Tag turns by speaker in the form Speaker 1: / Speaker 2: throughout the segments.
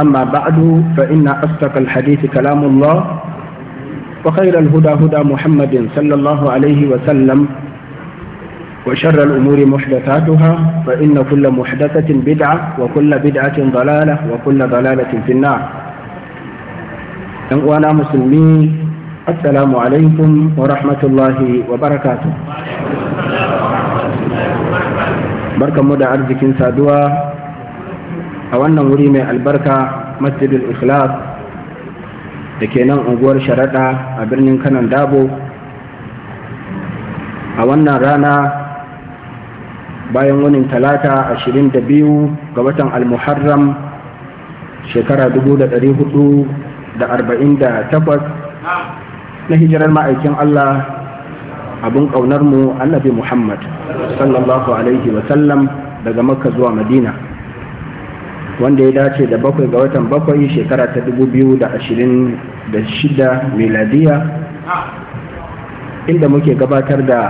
Speaker 1: أما بعد فإن أصدق الحديث كلام الله وخير الهدى هدى محمد صلى الله عليه وسلم وشر الأمور محدثاتها فإن كل محدثة بدعة وكل بدعة ضلالة وكل ضلالة في النار أنا مسلمين السلام عليكم ورحمة الله وبركاته بركة مدى عرضك سادوا a wannan wuri mai albarka masjidul ikhlas da ke nan unguwar sharaɗa a birnin kanan dabo a wannan rana bayan wunin talata 22 ga watan almuharram shekara 448 na hijirar ma'aikin allah abin ƙaunarmu annabi muhammad sallallahu alaihi wasallam daga makka zuwa madina wanda ya dace da bakwai ga watan bakwai shekara ta dubu biyu da da ashirin shida miladiya inda muke gabatar da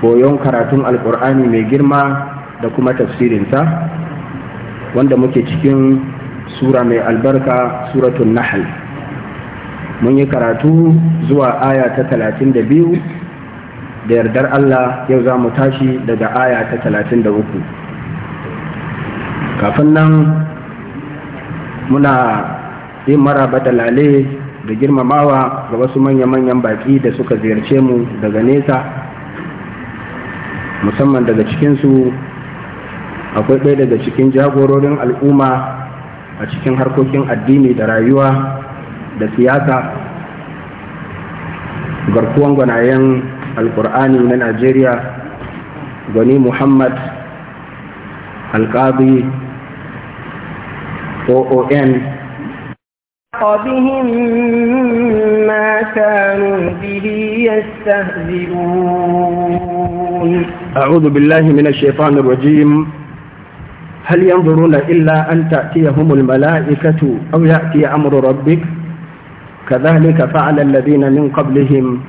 Speaker 1: koyon karatun alkur'ani mai girma da kuma tafsirinsa wanda muke cikin sura mai albarka suratun nahal mun yi karatu zuwa aya ta talatin da biyu, da yardar allah yau za mu tashi daga aya ta talatin da uku. kafin nan muna yin maraba da lale da girmamawa ga wasu manya-manyan baki da suka ziyarce mu daga nesa musamman daga cikinsu akwai ɗaya daga cikin jagororin al'umma a cikin harkokin addini da rayuwa da siyasa garkuwan gwanayen alkur'ani na najeriya gwani muhammad alkazi OON بهم ما كانوا به يستهزئون أعوذ بالله من الشيطان الرجيم هل ينظرون إلا أن تأتيهم الملائكة أو يأتي أمر ربك كذلك فعل الذين من قبلهم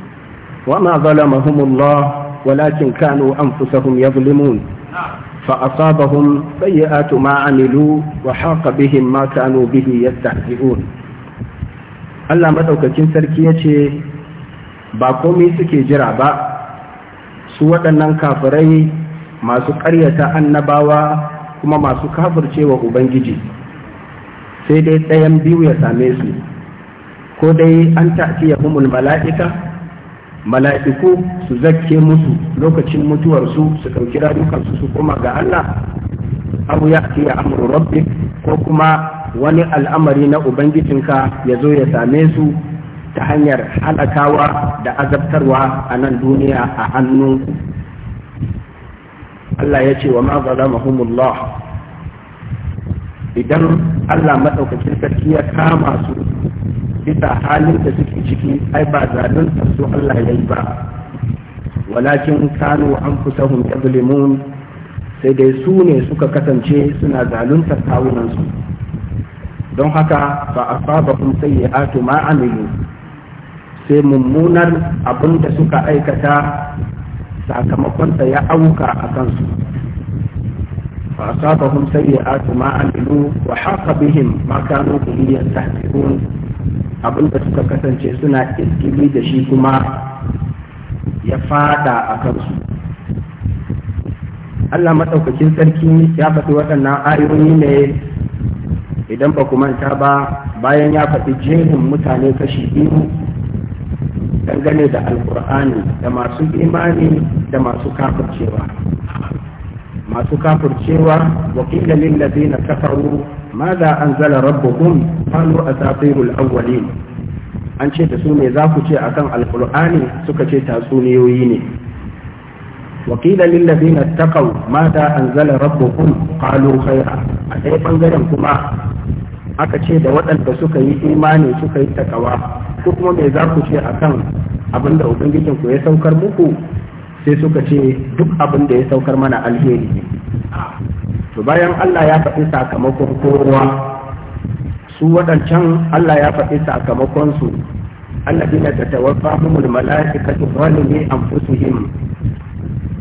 Speaker 1: وما ظلمهم الله ولكن كانوا أنفسهم يظلمون نعم. فأصابهم سيئات ما عملوا وحاق بهم ما كانوا به يستهزئون Allah madaukakin sarki ya ce ba komai suke jira ba su waɗannan kafurai masu ƙaryata annabawa kuma masu kafircewa ubangiji sai dai ɗayan biyu ya same su ko dai an tafi ya humul mala'ika mala'iku su zakke musu lokacin mutuwarsu su ɗauki rayukansu su kuma ga Allah abu ya ce ya amuru rabbi ko kuma wani al'amari na ubangijinka ya zo ya same su ta hanyar halakawa da azabtarwa a nan duniya a hannun Allah ya ce wa ma zalamahumullah idan Allah maɗaukacin sarki ya kama su bisa halin da suke ciki ai ba zalunta su Allah ya yi ba walakin kanu an fusahun yablimun sai dai su ne suka kasance suna zaluntar kawunansu don haka fa asabahum sayyi'atu ma amilu sai mummunar abin da suka aikata sakamakon ya auka a kansu fa asabahum sayyi'atu ma amilu wa haqa bihim ma kanu bihi yastahzi'un abinda suka kasance suna iskili da shi kuma ya fada a kansu Allah maɗaukakin sarki ya faɗi waɗannan ayoyi ne idan ba ku manta ba bayan ya faɗi jerin mutane kashi biyu dangane da alkur'ani da masu imani da masu kafircewa masu kafircewa wakilin na kafaru ماذا أنزل ربكم قالوا أساطير الأولين an ce da su ne za ku ce akan alkur'ani suka ce tatsuniyoyi ne wakila lillazina taqaw mata anzala rabbukum qalu khaira a dai bangaren kuma aka ce da waɗanda suka yi imani suka yi takawa ko kuma me za ku ce akan abin da ubangijin ya saukar muku sai suka ce duk abin da ya saukar mana alheri to bayan Allah ya faɗi sakamakon kowa su waɗancan Allah ya faɗi sakamakon su alladina tatawaffahumul mala'ikatu zalimi anfusihim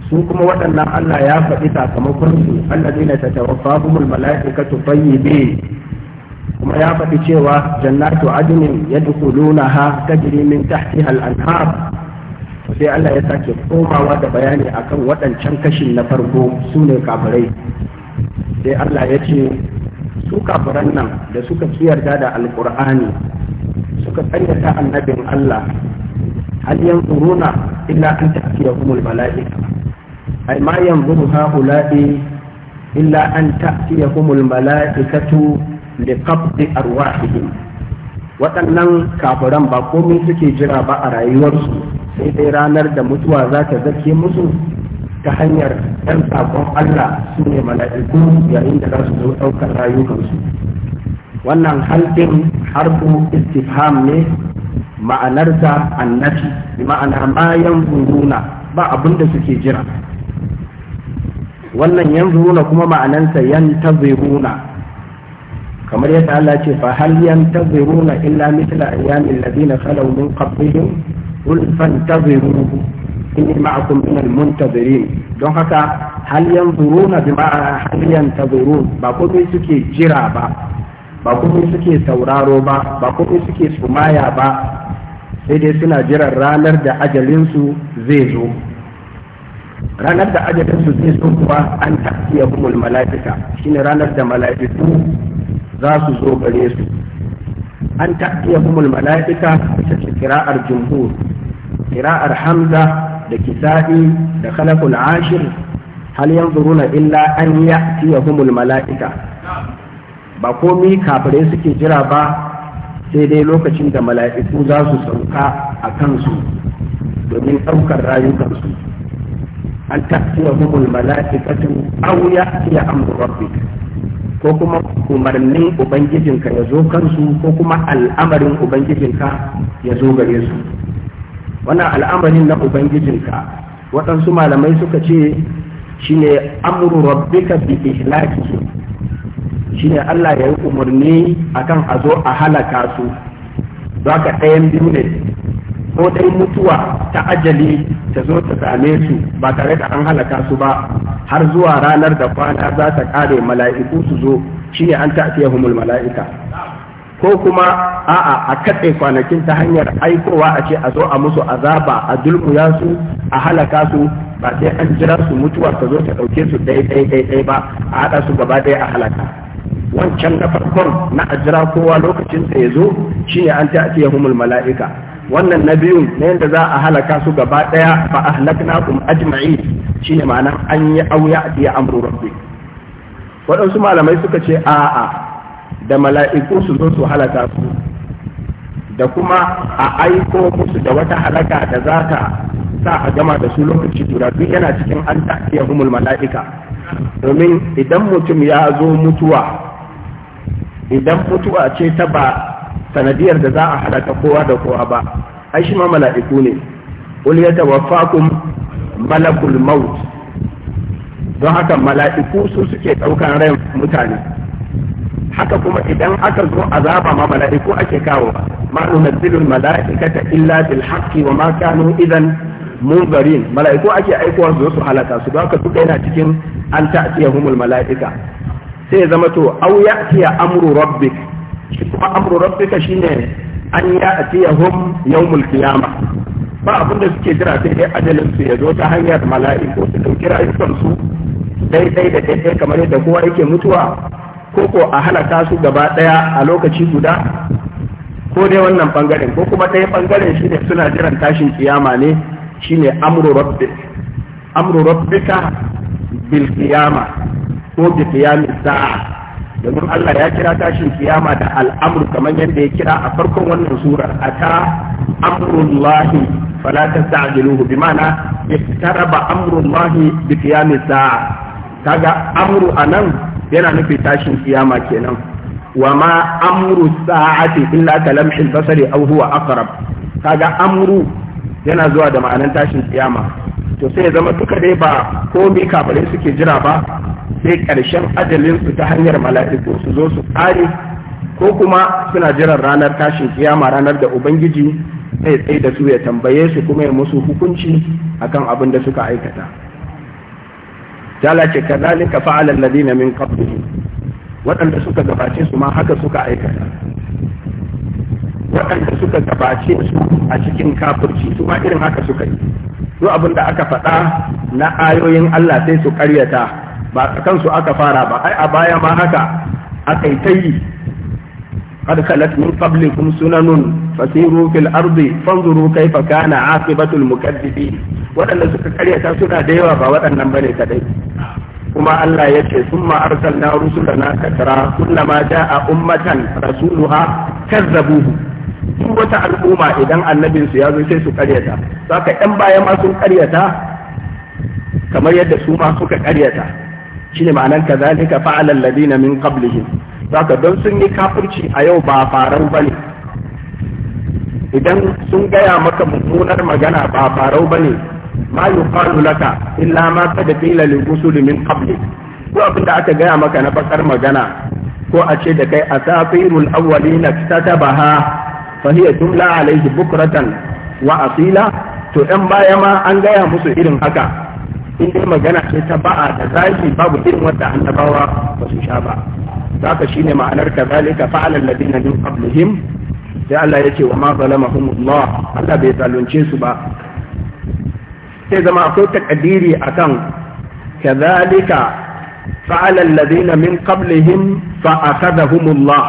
Speaker 1: su kuma waɗannan Allah ya faɗi sakamakon su alladina humul mala'ikatu tayyibin kuma ya faɗi cewa jannatu adnin yadkhulunaha tajri min tahtiha al-anhar sai Allah ya sake komawa da bayani akan waɗancan kashin na farko su ne kafirai sai Allah ya ce su kafiran nan da suka yarda da alkur'ani suka tsayyata annabin Allah hal runa illa an humul mala'ika ai ma ha haula'i illa an humul mala'ikatu qabdi arwahihim waɗannan kafiran ba komai suke jira ba a rayuwarsu sai dai ranar da mutuwa za ta zake musu ta hanyar ɗan saƙon Allah su ne mala'iku yayin da za su zo ɗaukar rayukansu wannan halɗin harfu istifham ne ma'anarsa annafi bi ma'ana bayan buruna ba abin da suke jira wannan yanzuruna kuma ma'anarsa yantaziruna kamar yadda Allah ce fa hal yantaziruna illa mithla ayyamil ladina khalaw min qablihim qul fantaziru inni ma'akum min al-muntazirin don haka hal yanzuruna bima hal yantazurun ba komai suke jira ba ba komai suke sauraro ba ba komai suke sumaya ba sai dai suna jiran ranar da ajalinsu zai zo ranar da ajalinsu zai zo kuwa an tafiya kumul mala'ika shine ranar da mala'iku za su zo gare su an tafiya kumul mala'ika ita kira'ar jumhur kira'ar hamza da kisa'i da khalaqul ashir hal yanzuruna illa an humul mala'ika ba komai kafirai suke jira ba sai dai lokacin da mala'iku za su sauka a kansu domin ɗaukar rayukansu an tafiya humul mala'ikatu aw ya'tiya amru rabbik ko kuma umarnin ubangijinka ya zo kansu ko kuma al'amarin ubangijinka ya zo gare su wannan al'amarin na ubangijinka waɗansu malamai suka ce shi ne amuru rabbika bi ihlaki ne Allah ya yi umarni akan a zo a halaka su za ka ɗayan biyu ne ko dai mutuwa ta ajali ta zo ta same su ba tare da an halaka su ba har zuwa ranar da kwana za ta ƙare mala'iku su zo Shi ne an ta'tiyahumul mala'ika ko kuma a'a a katse kwanakin ta hanyar aikowa a ce a zo a musu azaba a dulmuya su a halaka su ba sai an jira su mutuwa ta zo ta ɗauke su ɗai ɗai ɗai ba a haɗa su gaba ɗaya a halaka wancan na farkon na a jira kowa lokacin sa ya zo shine an ta ake humul mala'ika wannan na biyun na yadda za a halaka su gaba ɗaya fa ahlaknakum ajma'i shine ma'ana an yi auya a amru rabbi waɗansu malamai suka ce a'a da mala'iku su zo su halaka su da kuma a aiko musu da wata halaka da za ta sa a gama da su lokaci guda duk yana cikin an ta'tiya humul mala'ika domin idan mutum ya zo mutuwa idan mutuwa ce ta ba sanadiyar da za a halaka kowa da kowa ba ai shi ma mala'iku ne qul yatawaffakum malakul maut don haka mala'iku su suke ɗaukan ran mutane haka kuma idan aka zo azaba ma mala'iku ake kawo ma nunazzilul mala'ikata illa bil haqqi wa ma kanu idan munzarin mala'iku ake aikowa su zo su halaka su don duka yana cikin an ta'tiyahumul mala'ika sai zama to aw ya'tiya amru rabbik kuma amru rabbika shine an ya'tiyahum yawmul qiyamah ba abin da suke jira sai dai ajalin su ya zo ta hanyar mala'iku su dauki su daidai da daidai kamar yadda kowa yake mutuwa ko ko a halaka su gaba daya a lokaci guda ko dai wannan ɓangaren ko kuma ɗaya ɓangaren shine suna jiran tashin kiyama ne shine amru rabbi amru rabbika bil kiyama ko bi kiyamis sa'a domin Allah ya kira tashin kiyama da al'amru kamar yadda ya kira a farkon wannan surar ata amrullahi fala tasta'jiluhu bi ma'ana iftaraba amrullahi bi qiyamis sa'a kaga amru anan yana nufi tashin kiyama kenan wa ma amru sa'ati illa ka basari aw huwa aqrab kaga amru yana zuwa da ma'anan tashin kiyama to sai ya zama duka dai ba komai kafare suke jira ba sai karshen ajalin su ta hanyar mala'iku su zo su kare ko kuma suna jiran ranar tashin kiyama ranar da ubangiji zai tsaye da su ya tambaye su kuma ya musu hukunci akan abin da suka aikata Allah ce kadhalika fa'ala alladhina min qablihim waɗanda suka gabace su ma haka suka aikata waɗanda suka gabace su a cikin kafirci su ma irin haka suka yi duk abin da aka faɗa na ayoyin Allah sai su ƙaryata ba kansu aka fara ba ai a baya ma haka aka yi yi قد خلت من قبلكم سنن فسيروا في الأرض فانظروا كيف كان عاقبة المكذبين وأن سكرية سنة ديوة وأن بني كدي كما الله يتي ثم أرسلنا رسلنا كثرا كلما جاء أمة رسولها كذبوه duk wata al'umma idan annabinsu ya zo sai su karyata ka ɗan baya ma sun karyata kamar yadda su ma suka karyata shine ma'anar kazalika fa'ala na min qablihim zaka don sun yi kafirci a yau ba farau ba ne. Idan sun gaya maka mummunar magana ba farau ba ne, ma yuqalu laka illa ma da qila lil rusuli min kabli Ko abin da aka gaya maka na bakar magana ko a ce da kai a na safirul ta taba ha fa hiya tumla alayhi bukratan wa asila to 'yan baya ma an gaya musu irin haka in magana ce ta ba'a da zafi babu irin wanda annabawa ba su sha ba haka shine ma'anar kazalika fa'ala alladhina min qablihim sai Allah yake wa ma zalamahumullah Allah bai zalunce su ba sai zama akwai takadiri akan kazalika fa'ala alladhina min qablihim fa akhadahumullah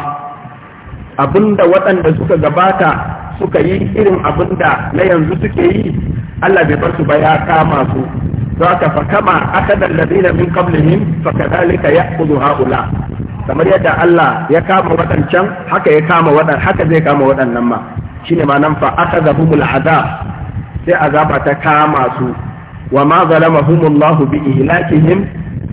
Speaker 1: abinda waɗanda suka gabata suka yi irin abinda na yanzu suke yi Allah bai bar su ba ya kama su don haka fa kama akada alladhina min qablihim fa kadhalika ya'khudhu haula kamar yadda Allah ya kama waɗancan haka ya kama waɗan haka zai kama waɗannan ma shine ma nan fa akhadhahumul azab sai azaba ta kama su wa ma zalamahumullahu bi ihlakihim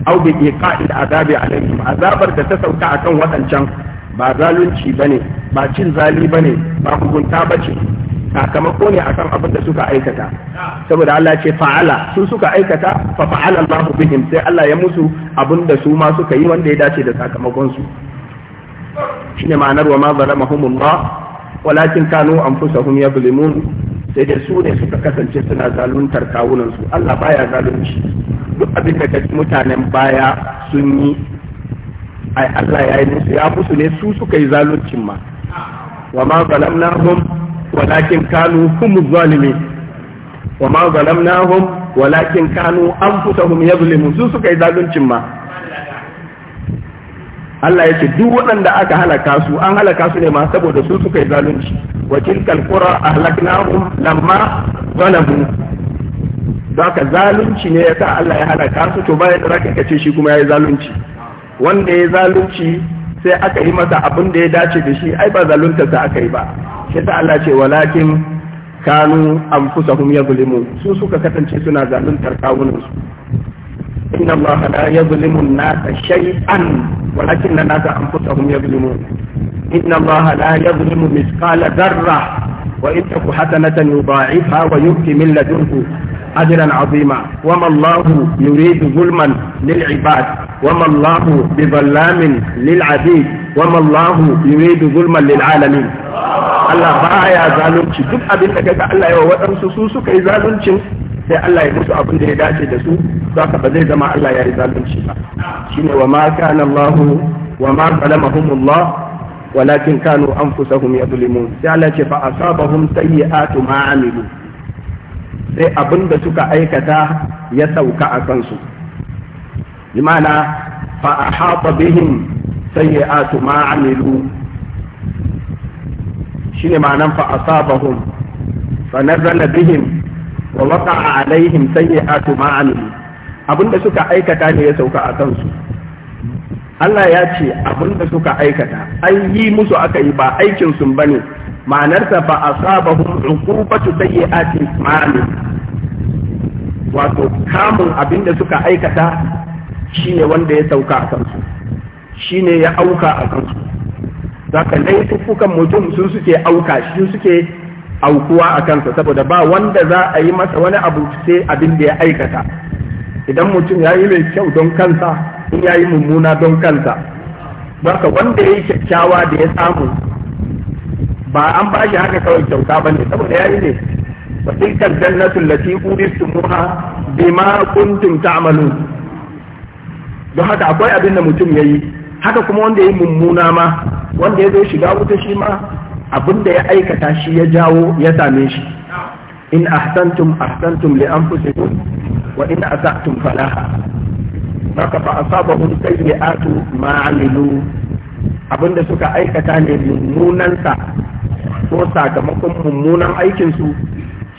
Speaker 1: aw bi iqa'il azabi alaihim azabar da ta sauka akan waɗancan ba zalunci bane ba cin zali bane ba hukunta bace sakamako ne akan abin da suka aikata saboda Allah ce fa'ala su suka aikata fa fa'ala Allahu bihim sai Allah ya musu abin da su ma suka yi wanda ya dace da sakamakon su shine ma'anar wa ma zalamahumullah walakin kanu anfusahum yadhlimun sai da su ne suka kasance suna zaluntar kawunan su Allah baya zalunci duk abin da kaji mutanen baya sun yi ai Allah ya yi musu ya musu ne su suka yi zaluncin ma wa ma zalamnahum walakin kanu humu zalimi wa ma zalamnahum walakin kanu anfusahum yazlimun su suka yi zaluncin ma Allah ya ce duk waɗanda aka halaka su an halaka su ne ma saboda su suka yi zalunci wa tilkal qura ahlaknahum lamma zalamu haka zalunci ne yasa Allah ya halaka su to bayan da ka kace shi kuma yayi zalunci wanda ya zalunci sai aka yi masa abin da ya dace da shi ai ba zalunta ta aka yi ba yasa Allah ce walakin kanu anfusahum yadhlimun su suka katance suna zaluntar kawunan su inna Allah la yadhlimu an-nasa shay'an walakin an-nasa anfusahum yadhlimun inna Allah la yadhlimu mithqala dharra wa in taku hasanatan yudha'ifha wa yu'ti min ladunhu أجرا عظيما وما الله يريد ظلما للعباد وما الله بظلام للعبيد وما الله يريد ظلما للعالمين Allah baya zalunci duk abin da kaga Allah yawa waɗansu su suka yi zaluncin sai Allah ya musu abin da ya dace da su zaka ba zai zama Allah ya yi zalunci ba shine wa ma kana Allah wa ma zalamahum Allah walakin kanu anfusahum yadlimun sai Allah ce fa asabahum sayyi'atu ma amilu sai abin da suka aikata ya sauka a kansu imana fa a sai ya asu ma'amilu shi shine ma'anan fa a sabahun fa nazala bihin wa a alaihim asu ma'amilu abin abinda suka aikata ne ya sauka a kansu Allah ya ce abinda suka aikata an yi musu aka yi ba aikin sun ne. ma'anarsa ba a saba a cikin ma'alu wato kamun abin da suka aikata shine wanda ya sauka a kansu shine ya auka a kansu zaka tukukan mutum su suke auka shi suke aukuwa a kansa saboda ba wanda za a yi masa wani abu sai abin da ya aikata idan mutum ya yi mai kyau don kansa in ya yi mummuna don kansa baka wanda ya yi kyakkyawa da ya samu ba an ba shi haka kawai kyauta ba ne saboda ya yi ne wa tilkal jannatu allati uristumuha bima kuntum ta'malun don haka akwai abin da mutum yayi haka kuma wanda ya yi mummuna ma wanda ya zo shiga wuta shi ma abin da ya aikata shi ya jawo ya same shi in ahsantum ahsantum li anfusikum wa in asatum falaha haka fa asabahum sayyi'atu ma amilu abinda suka aikata ne mummunansa ko sakamakon mummunan aikinsu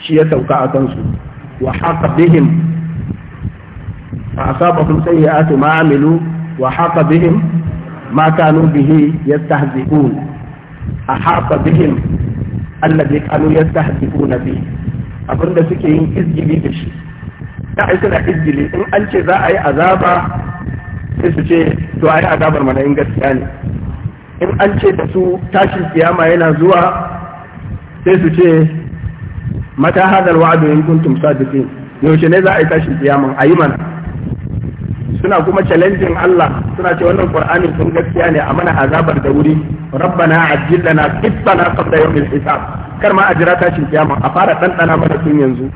Speaker 1: shi ya sauka a kansu wa haka bihim fa asabahum sayyi'atu ma ma'amilu. wa haka bihim ma kanu bihi yastahzi'un ahaka bihim alladhi kanu ya yastahzi'una bi. abinda suke yin izgili da shi da ai suna izgili in an ce za a yi azaba sai su ce to a yi azabar mana in gaskiya ne in an ce da su tashin kiyama yana zuwa sai su ce mata hadal wa'adu in kuntum sadiqin yaushe ne za a yi tashin kiyaman ayi mana suna kuma challenging Allah suna ce wannan Qur'ani sun gaskiya ne a mana azabar da wuri rabbana ajil lana qitana qabla yawmil hisab kar ma a jira tashin kiyama a fara dandana mana tun yanzu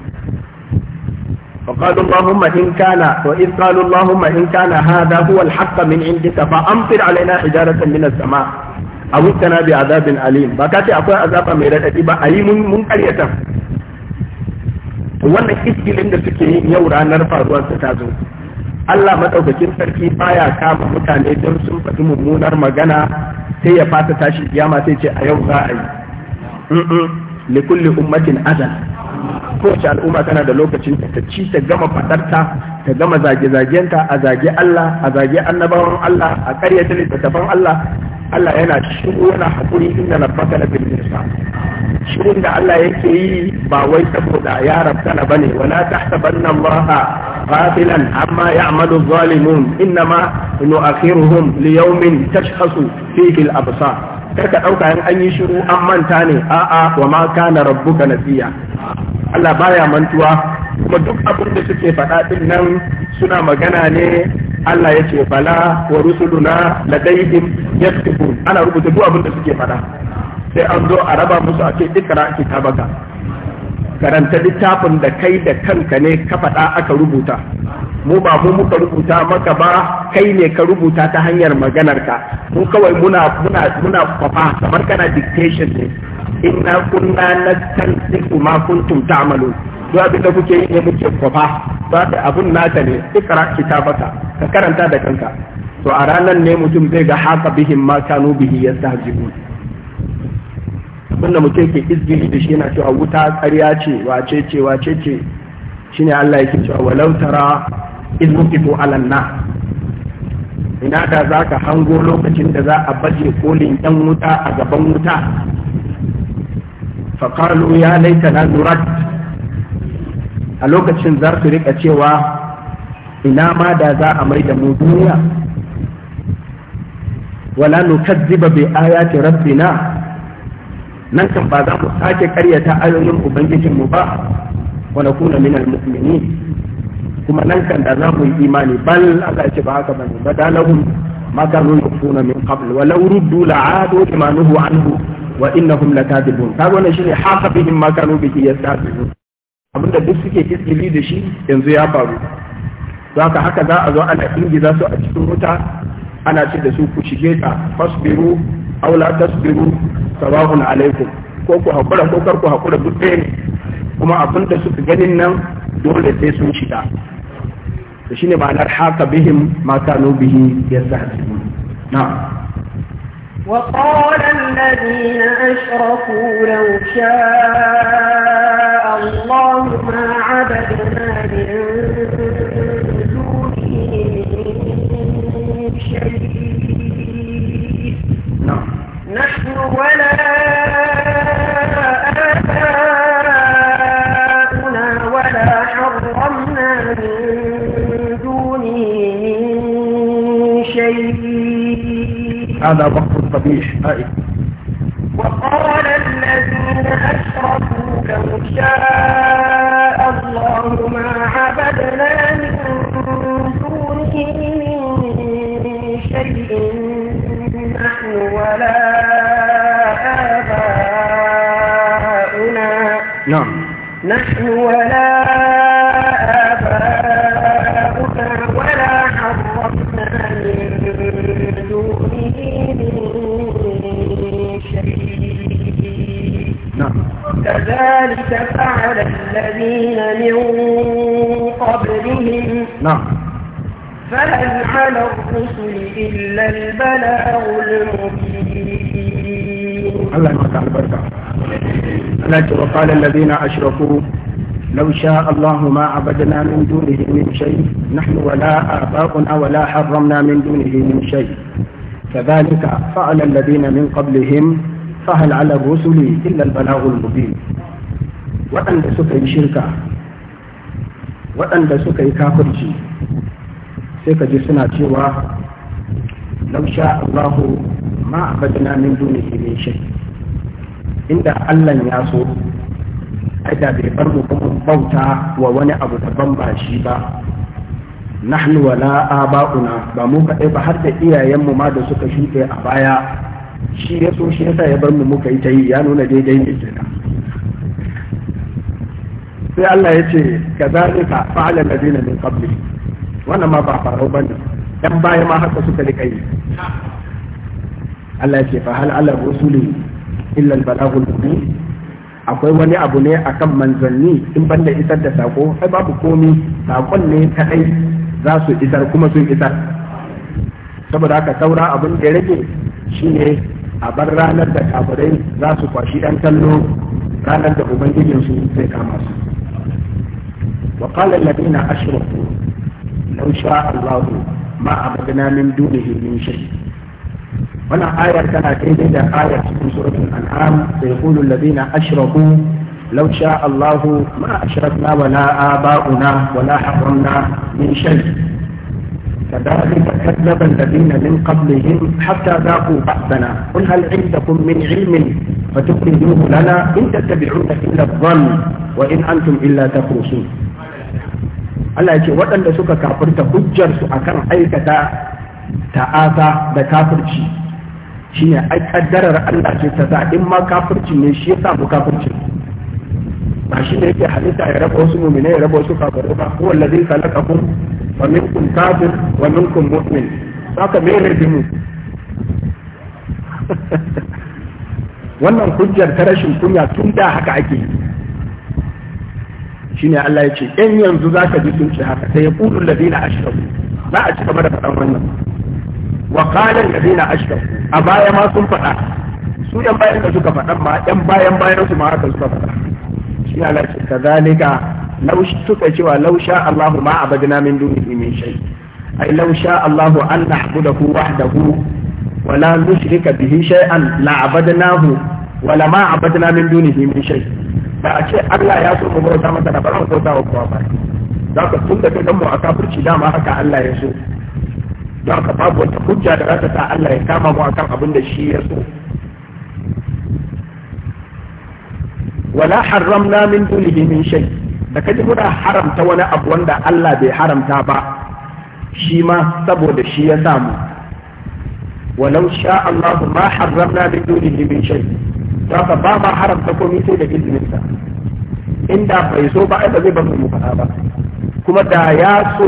Speaker 1: فقالوا اللهم إن كان وإذ قالوا اللهم إن كان هذا هو الحق من عندك فأمطر علينا حجارة من السماء a mutana bi azabin alim ba ka ce akwai azaba mai radadi ba a yi mun karyata wannan iskilin da suke yin yau ranar faruwar ta zo Allah madaukakin sarki baya kama mutane don sun faɗi mummunar magana sai ya fata tashi kiyama sai ce a yau za a yi kulli ummatin azal kowace al'umma tana da lokacin ta ci ta gama fadarta ta gama zage-zagenta a zage Allah a zage annabawan Allah a karyata littattafan Allah Allah yana shiru yana hakuri inda na fakana bil nisa shirin da Allah yake yi ba wai saboda ya rabtana bane wala tahsabanna Allah ghafilan amma ya'malu zalimun innama nu'akhiruhum li yawmin tashkhasu fihi al absar karka dauka in an yi shiru an manta ne a'a wa ma kana rabbuka nasiya Allah baya mantuwa kuma duk abin da suke faɗa din nan suna magana ne Allah ya ce bala wa rusuluna ladaihim yaktubun ana rubuta duk abin da suke faɗa sai an zo a raba musu a ce ikra kitabaka karanta littafin da kai da kanka ne ka faɗa aka rubuta mu ba mu muka rubuta maka ba kai ne ka rubuta ta hanyar maganarka mu kawai muna muna muna kwafa kamar kana dictation ne inna kunna nastansiku ma kuntum ta'malu duk abin da kuke yi ne muke kwafa ba da abun naka ne ikra kitabaka ka karanta da kanka to a ranar ne mutum zai ga haka bihin ma kanu bihi yastahzibu abinda mutum ke izgili da shi yana cewa wuta ƙarya ce wace ce wace ce shine Allah yake cewa walau tara alanna ina da za ka hango lokacin da za a baje kolin yan wuta a gaban wuta faƙalu ya laita na nurat a lokacin za su rika cewa ina ma da za a mai da mu duniya wala nukazziba bi ayati rabbina nan kan ba za mu sake karyata ayoyin ubangijin mu ba wa nakuna min almu'minin kuma nan kan da za mu yi imani bal Allah ce ba haka bane ba da lahum ma kanu yufuna min qabl wa law ruddu la'adu limanuhu anhu wa innahum lakadibun kaga wannan shine haka bihim ma kanu bihi yastahzi'un abinda duk suke kirkiri da shi yanzu ya faru za ka haka za a zo ana ingiza su a cikin wuta ana ce da su ku shige ka fasbiru Aula tasbiru sabahun alaikum ko ku haƙura ko kar ku hakura duk ɗaya ne kuma abinda da suka ganin nan dole sai sun shiga to ne ma'anar haka bihim ma kanu bihi yastahzi'un na'am وقال الذين أشركوا لو
Speaker 2: شاء الله ما عبدنا من دونه شيء
Speaker 1: نحن ولا
Speaker 2: آباؤنا ولا حرمنا من دونه شيء
Speaker 1: هذا قبيح هائل
Speaker 2: وقال الذين أشركوا لو شاء الله ما عبدنا من
Speaker 1: دونه من شيء نحن ولا آباؤنا نعم نحن ولا فعل الذين من قبلهم نعم فهل على الرسل إلا البلاغ المبين الله يمسح البركة
Speaker 2: لكن وقال
Speaker 1: الذين أشركوا لو شاء الله ما عبدنا من دونه من شيء نحن ولا آباؤنا ولا حرمنا من دونه من شيء كذلك فعل الذين من قبلهم فهل على الرسل إلا البلاغ المبين waɗanda suka yi shirka waɗanda suka yi kafirci sai ka ji suna cewa lausha Allahu ma abadna min duni min shi inda Allah ya so aida bai bar mu kuma bauta wa wani abu daban ba shi ba nahnu la aba'una ba mu kadai ba har da iyayen mu ma da suka shuɗe a baya shi ya so shi yasa ya bar mu muka yi ta yi ya nuna daidai ne kenan sai Allah ya ce ka zalika fa'ala zina min qabli wannan ma ba faru ba ne, ɗan baya ma haka suka rika yi Allah ya ce fa Allah rusuli illal balagul mubin akwai wani abu ne akan manzanni in banda isar da sako Ai babu komi sakon ne ta ɗai, za su isar kuma sun isar saboda haka saura abin da ya rage shine a bar ranar da kafirai za su kwashi 'yan kallo ranar da ubangijinsu zai kama su وقال الذين أشركوا لو شاء الله ما عبدنا من دونه من شيء وانا آية كانت عندنا آية في سورة الأنعام سيقول الذين أشركوا لو شاء الله ما أشركنا ولا آباؤنا ولا حرمنا من شيء كذلك كذب الذين من قبلهم حتى ذاقوا بأسنا قل هل عندكم من علم فتخرجوه لنا إن تتبعون إلا الظن وإن أنتم إلا تخرصون Allah ya ce waɗanda suka kafirta hujjarsu akan aikata ta'asa da kafirci shine ai kaddarar Allah ce ta sa in ma kafirci ne shi ya samu kafirci ba shi ne yake halitta ya raba wasu mu'mina ya raba wasu kafir ba ko allazi khalaqakum wa minkum kafir wa minkum mu'min saka me ne mu wannan hujjar ta rashin kunya tun da haka ake yi shine Allah ya ce in yanzu za ka ji sun ce haka sai ya kulu ladina ashraku za a ci da faɗan wannan wa qala ladina ashraku a baya ma sun faɗa su yan bayan da suka faɗan ma yan bayan bayan su ma haka suka faɗa shi Allah ce kazalika law suka cewa law sha Allahu ma abadna min dunihi min shay ai law sha Allahu an na'budahu wahdahu wa la nushrika bihi shay'an la abadnahu wa la ma abadna min dunihi min shay da a ce Allah ya so mu bauta masa da ba mu bauta wa kowa ba za ka tun da kai mu a kafirci dama haka Allah ya so za ka babu wata hujja da za ta sa Allah ya kama mu akan abin da shi ya so wala haramna min dunihi min shay da kaji muna haramta wani abu wanda Allah bai haramta ba shi ma saboda shi ya samu walau sha Allah ma haramna min dunihi min shay haka ba ma haramta komai sai da izininsa inda bai so ba ai ba zai ba mu faɗa ba kuma da ya so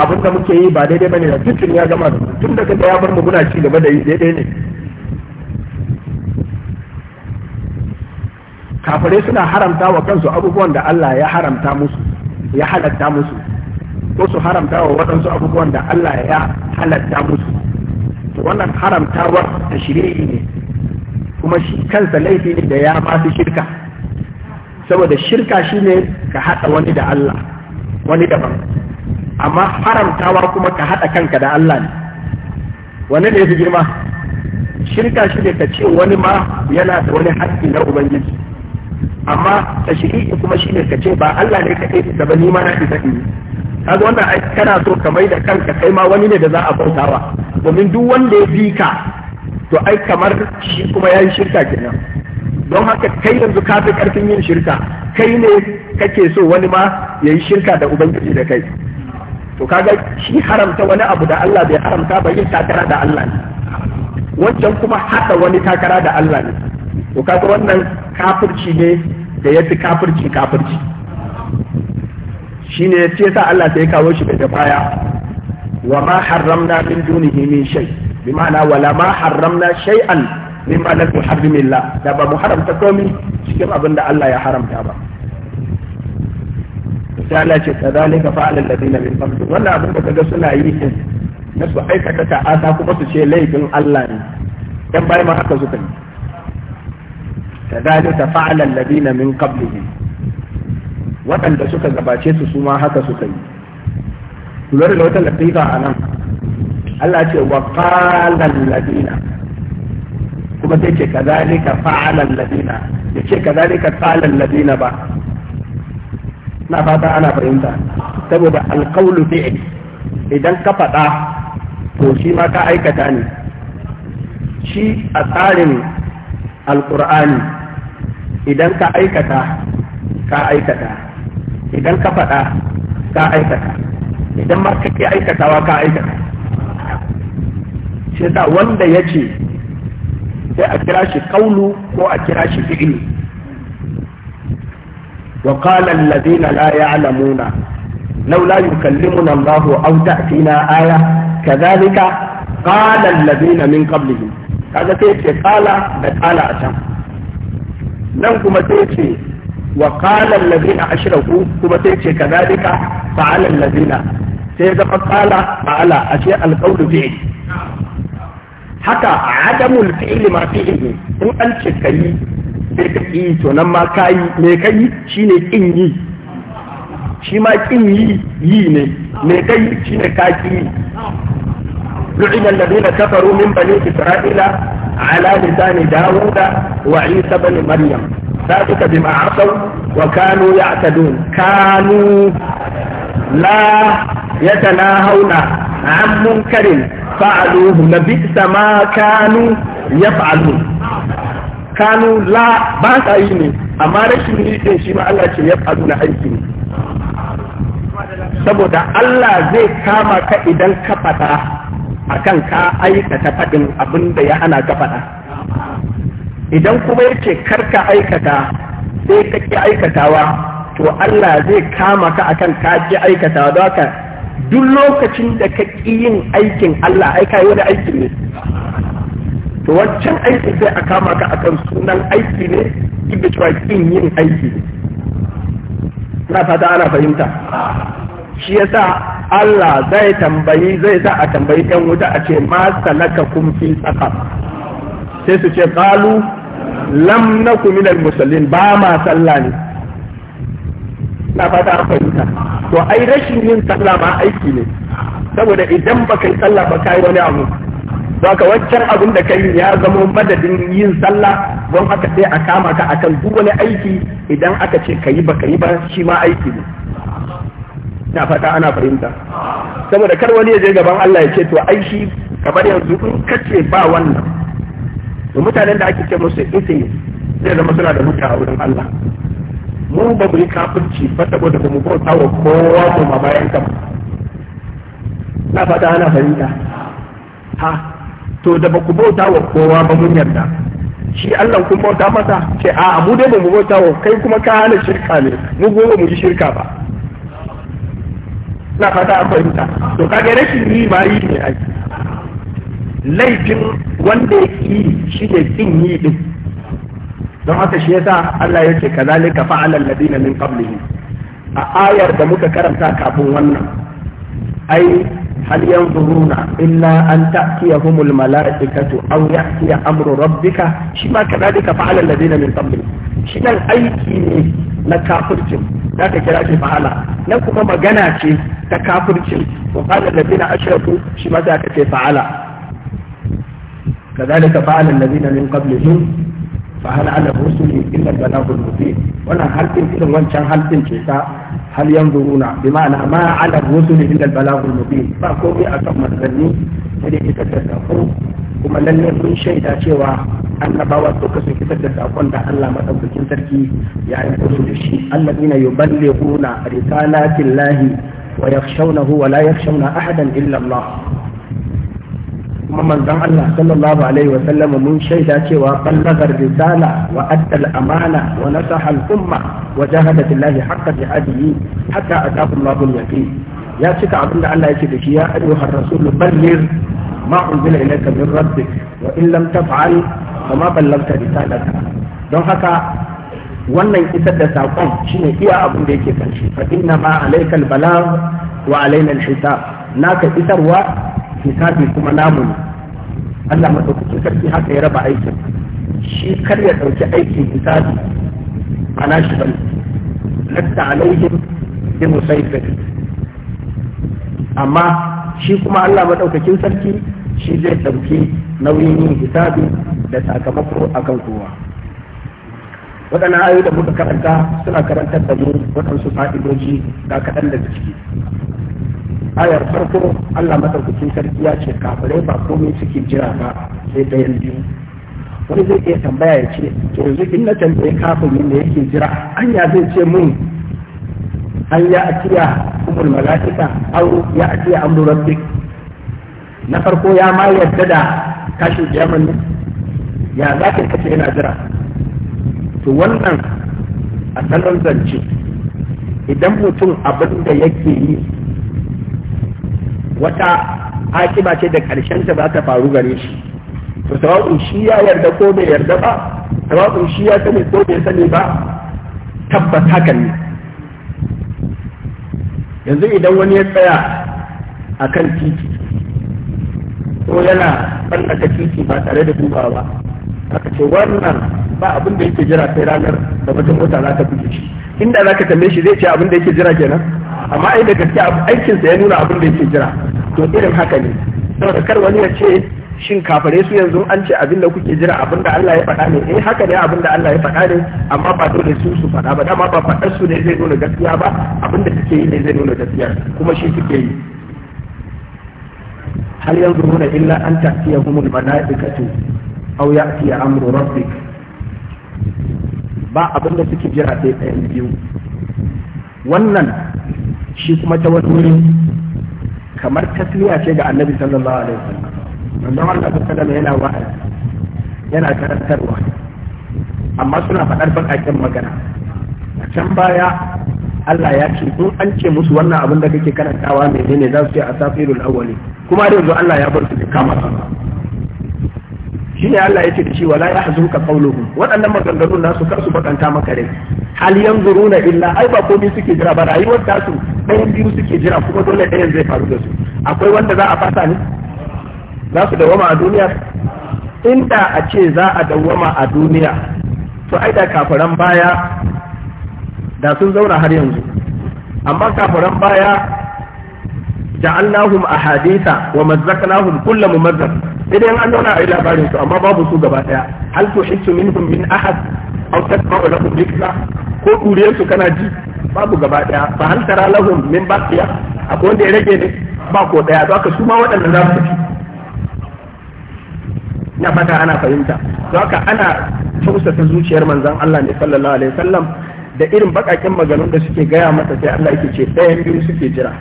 Speaker 1: abin da muke yi ba daidai bane da tuntun ya gama da tun da kaga ya bar mu muna ci gaba da yi daidai ne kafirai suna haramta wa kansu abubuwan da Allah ya haramta musu ya halatta musu ko su haramta wa waɗansu abubuwan da Allah ya halatta musu to wannan haramtawar da shirye ne kuma kansa laifi ne da ya masu shirka saboda shirka shine ka haɗa wani da Allah wani daban amma haramtawa kuma ka haɗa kanka da Allah ne wani ne yafi girma shirka shi ne ka ce wani ma yana da wani haƙƙi na ubangiji amma tashri'i kuma shine ka ce ba Allah ne ka kake da ba ni ma na isa in kaga wannan kana so ka mai da kanka kai ma wani ne da za a bautawa domin duk wanda ya bi ka to ai kamar shi kuma ya yi shirka kenan don haka kai yanzu ka fi karfin yin shirka kai ne kake so wani ma ya yi shirka da ubangiji da kai to kaga shi haramta wani abu da Allah bai haramta ba yin takara da Allah ne wancan kuma haɗa wani takara da Allah ne to kaga wannan kafirci ne da ya fi kafirci kafirci shine ce sa Allah sai kawo shi daga baya wa ma haramna min dunihi min shay' bi ma'ana wala ma haramna shai'an mimma lam yuharrimillah da ba mu haramta komai cikin abin Allah ya haramta ba sai ce kadhalika fa'ala alladhina min wannan abin da kaga suna yi din na su aikata ta'asa kuma su ce laifin Allah ne dan bai ma haka suka yi kadhalika fa'ala alladhina min waɗanda suka gabace su haka suka yi da wata lafiya a nan Allah ce wa qalan ladina kuma sai ce ka kazalika fa'alan ladina ya ce ka kazalika qalan ladina ba na fata ana fahimta saboda alqawlu fi'l idan ka faɗa to shi ma ka aikata ne shi a tsarin Alƙur'ani idan ka aikata ka aikata idan ka faɗa ka aikata idan ma kake aikatawa ka aikata Sai yasa wanda ya ce sai a kira shi kaulu ko a kira shi fi'ili wa qala alladhina la ya'lamuna laula yukallimuna Allahu aw ta'tina aya kadhalika qala alladhina min qablihim kaga sai ce qala da qala a can nan kuma sai ce wa qala alladhina ashraku kuma sai ce kadhalika fa'ala alladhina sai zama qala fa'ala ashe alqawlu fi'li haka adamul fi'li ma fi'li in an ce kai sai ka yi to nan ma kai me kai shine kin yi shi ma kin yi yi ne me kai shine ka ki lu'ina alladhina kafaru min bani isra'ila ala lisani dawuda wa isa bani maryam sabika bima asaw wa kanu ya'tadun kanu la yatanahawna عن karin. fa'aluhu na bisa ma kanu ya fa'alu kanu la ba sa yi ne amma rashin yi shi ma Allah ce ya fa'alu na aiki ne saboda Allah zai kama ka idan ka faɗa akan ka aikata faɗin abin da ya hana ka faɗa idan kuma yake karka aikata sai ka ƙi aikatawa to Allah zai kama ka akan ka ƙi aikatawa don haka duk lokacin da ka ƙi yin aikin Allah ai kai wani aiki ne to wancan aiki sai a kama ka akan sunan aiki ne duk da cewa ƙin yin aiki na fata ana fahimta shi yasa Allah zai tambayi zai sa a tambayi ɗan wuta a ce ma salaka kun fi tsaka sai su ce qalu lam naku minal musallin ba ma sallah ne na fata a fahimta to ai rashin yin sallah ma aiki ne saboda idan ba kai sallah ba kai wani abu to ka wancan abin da kai ya zama madadin yin sallah don haka sai a kama ka akan duk wani aiki idan aka ce yi ba yi ba shi ma aiki ne na fata ana fahimta saboda kar wani ya je gaban Allah ya ce to ai shi kamar yanzu in kace ba wannan to mutanen da ake ce musu isi zai zama suna da huta a wurin Allah mu ba mu yi kafirci ba saboda ba mu bauta wa kowa ko ma bayan ka na fata ana fahimta ha to da ba ku bauta wa kowa ba mun yarda shi Allah kun bauta masa ce a mu dai ba mu bauta wa kai kuma ka hana shirka ne mu goma mu yi shirka ba na fata an fahimta to kage rashin yi ba yi ne ai laifin wanda ya yi shi ne kin yi din don haka shi yasa Allah ya ce kazalika fa'ala alladina min qablihim a ayar da muka karanta kafin wannan ai hal yanzuruna illa an ta'tiyahumul mala'ikatu aw ya'tiya amru rabbika shi ma kazalika fa'ala alladina min qablihim shi nan aiki ne na kafircin za ka kira shi fa'ala nan kuma magana ce ta kafircin wa qala alladina ashraku shi ma za ka ce fa'ala kazalika fa'ala alladina min qablihim فهل على الرسل الا البلاغ المبين ولا هل تنكر وانشان هل تنكر هل ينظرون بمعنى ما على الرسل الا البلاغ المبين فاكو بي اتم الزني هل يتتتفو كما لن يكون شيء دا شوى ان نباوة تقصي كتتتفون دا الله ما تنكر تركي يعني الرسل الشيء الذين يبلغون رسالات الله ويخشونه ولا يخشون احدا الا الله kuma manzon Allah sallallahu alaihi wa sallam mun shaida cewa ballagar risala wa addal amana wa nasaha al umma wa jahada billahi haqqa jihadihi hatta ataahu Allahul yaqin ya cika abinda da Allah yake da shi ya ayyuhar rasul ballir ma unzila ilayka min rabbik wa in lam taf'al fama ballagta risalata don haka wannan isar da saƙon shine iya abin da yake kan shi fa inna ma alaikal balagh wa alaina al-hisab naka isarwa hisabi kuma namu ne Allah madaukakin sarki haka ya raba aikin shi kar ya ɗauki aikin hisabi a nashi bane lakta alaihim bi musayfir amma shi kuma Allah madaukakin sarki shi zai ɗauki nauyin yin hisabi da sakamako akan kowa waɗannan ayoyi da muka karanta suna karantar da mu waɗansu fa'idoji ga kaɗan daga ciki ayar farko Allah madaukakin sarki ya ce kafirai ba komai suke jira ba sai ɗayan biyu wani zai iya tambaya ya ce to yanzu in na tambaye kafin da yake jira anya zai ce mun an ya atiya umul mala'ika au ya atiya amru rabbik na farko ya ma yadda da kashi kiyaman ne ya za ka kace yana jira to wannan a zance idan mutum abin da yake yi wata akiba ce da ƙarshen ta za ta faru gare shi to sawa'un shi ya yarda ko bai yarda ba sawa'un shi ya sani ko bai sani ba tabbata hakan ne yanzu idan wani ya tsaya a kan titi ko yana tsallaka titi ba tare da duba ba aka ce wannan ba abin da yake jira sai ranar da wata mota za ta buge shi inda za ka tambaye shi zai ce abin da yake jira kenan amma ai da gaskiya aikinsa ya nuna abin da yake jira to irin haka ne saboda kar wani ya ce shin kafare su yanzu an ce abin da kuke jira abin da Allah ya faɗa ne eh haka ne abin da Allah ya faɗa ne amma ba dole su su faɗa ba dama ba faɗar su ne zai nuna gaskiya ba abin da suke yi ne zai nuna gaskiya kuma shi suke yi hal yanzuruna illa an humul malaikatu aw ya'ti amru rabbik ba abin da suke jira sai ɗayan biyu wannan shi kuma ta wani kamar tasliya ce ga annabi sallallahu alaihi wasallam wanda Allah sallallahu alaihi yana wa'azi yana karantarwa amma suna faɗar baƙaƙen magana a can baya Allah ya ce in an ce musu wannan abin da kake karantawa menene za su ce asafirul awwali kuma da yanzu Allah ya bar su da kama shine Allah ya ce da shi wala yahzunka qawluhum waɗannan maganganun nasu kar su bakanta maka rai hal yanzuruna illa ai ba komai suke jira ba rayuwar tasu ɗayan biyu suke jira kuma dole ɗayan zai faru da su akwai wanda za a fasa ne za su dawama a duniya inda a ce za a dawama a duniya to ai da kafaran baya da sun zauna har yanzu amma kafaran baya ja'alnahum ahadisa wa mazzaqnahum kullu mumazzaq idan an zauna a yi labarin su amma babu su gaba daya hal tuhittu minhum min ahad aw tasma'u lahum dhikra ko duriyar su kana ji babu gaba daya ba hal tara lahum min baqiya akwai wanda ya rage ne ba ko daya to aka suma waɗannan za su ina fata ana fahimta to aka ana tausasa zuciyar manzon Allah ne sallallahu alaihi wasallam da irin bakakin maganun da suke gaya mata sai Allah yake ce ɗayan biyu suke jira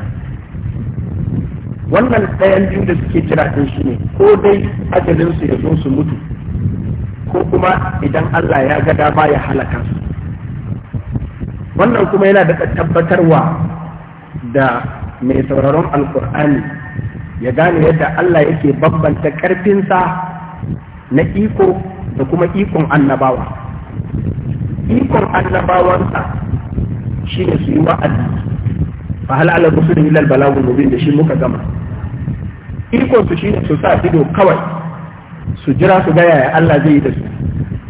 Speaker 1: wannan ɗayan biyu da suke jira din shi ne ko dai ajalin su ya zo su mutu ko kuma idan Allah ya ga dama ya halaka su wannan kuma yana da tabbatarwa da mai sauraron alkur'ani ya gane yadda Allah yake bambanta ƙarfinsa na iko da kuma ikon annabawa ikon annabawansa shi ne su yi wa'azi fa hal rusul illa al da shi muka gama ikon su ne su sa ido kawai su jira su ga yaya Allah zai yi da su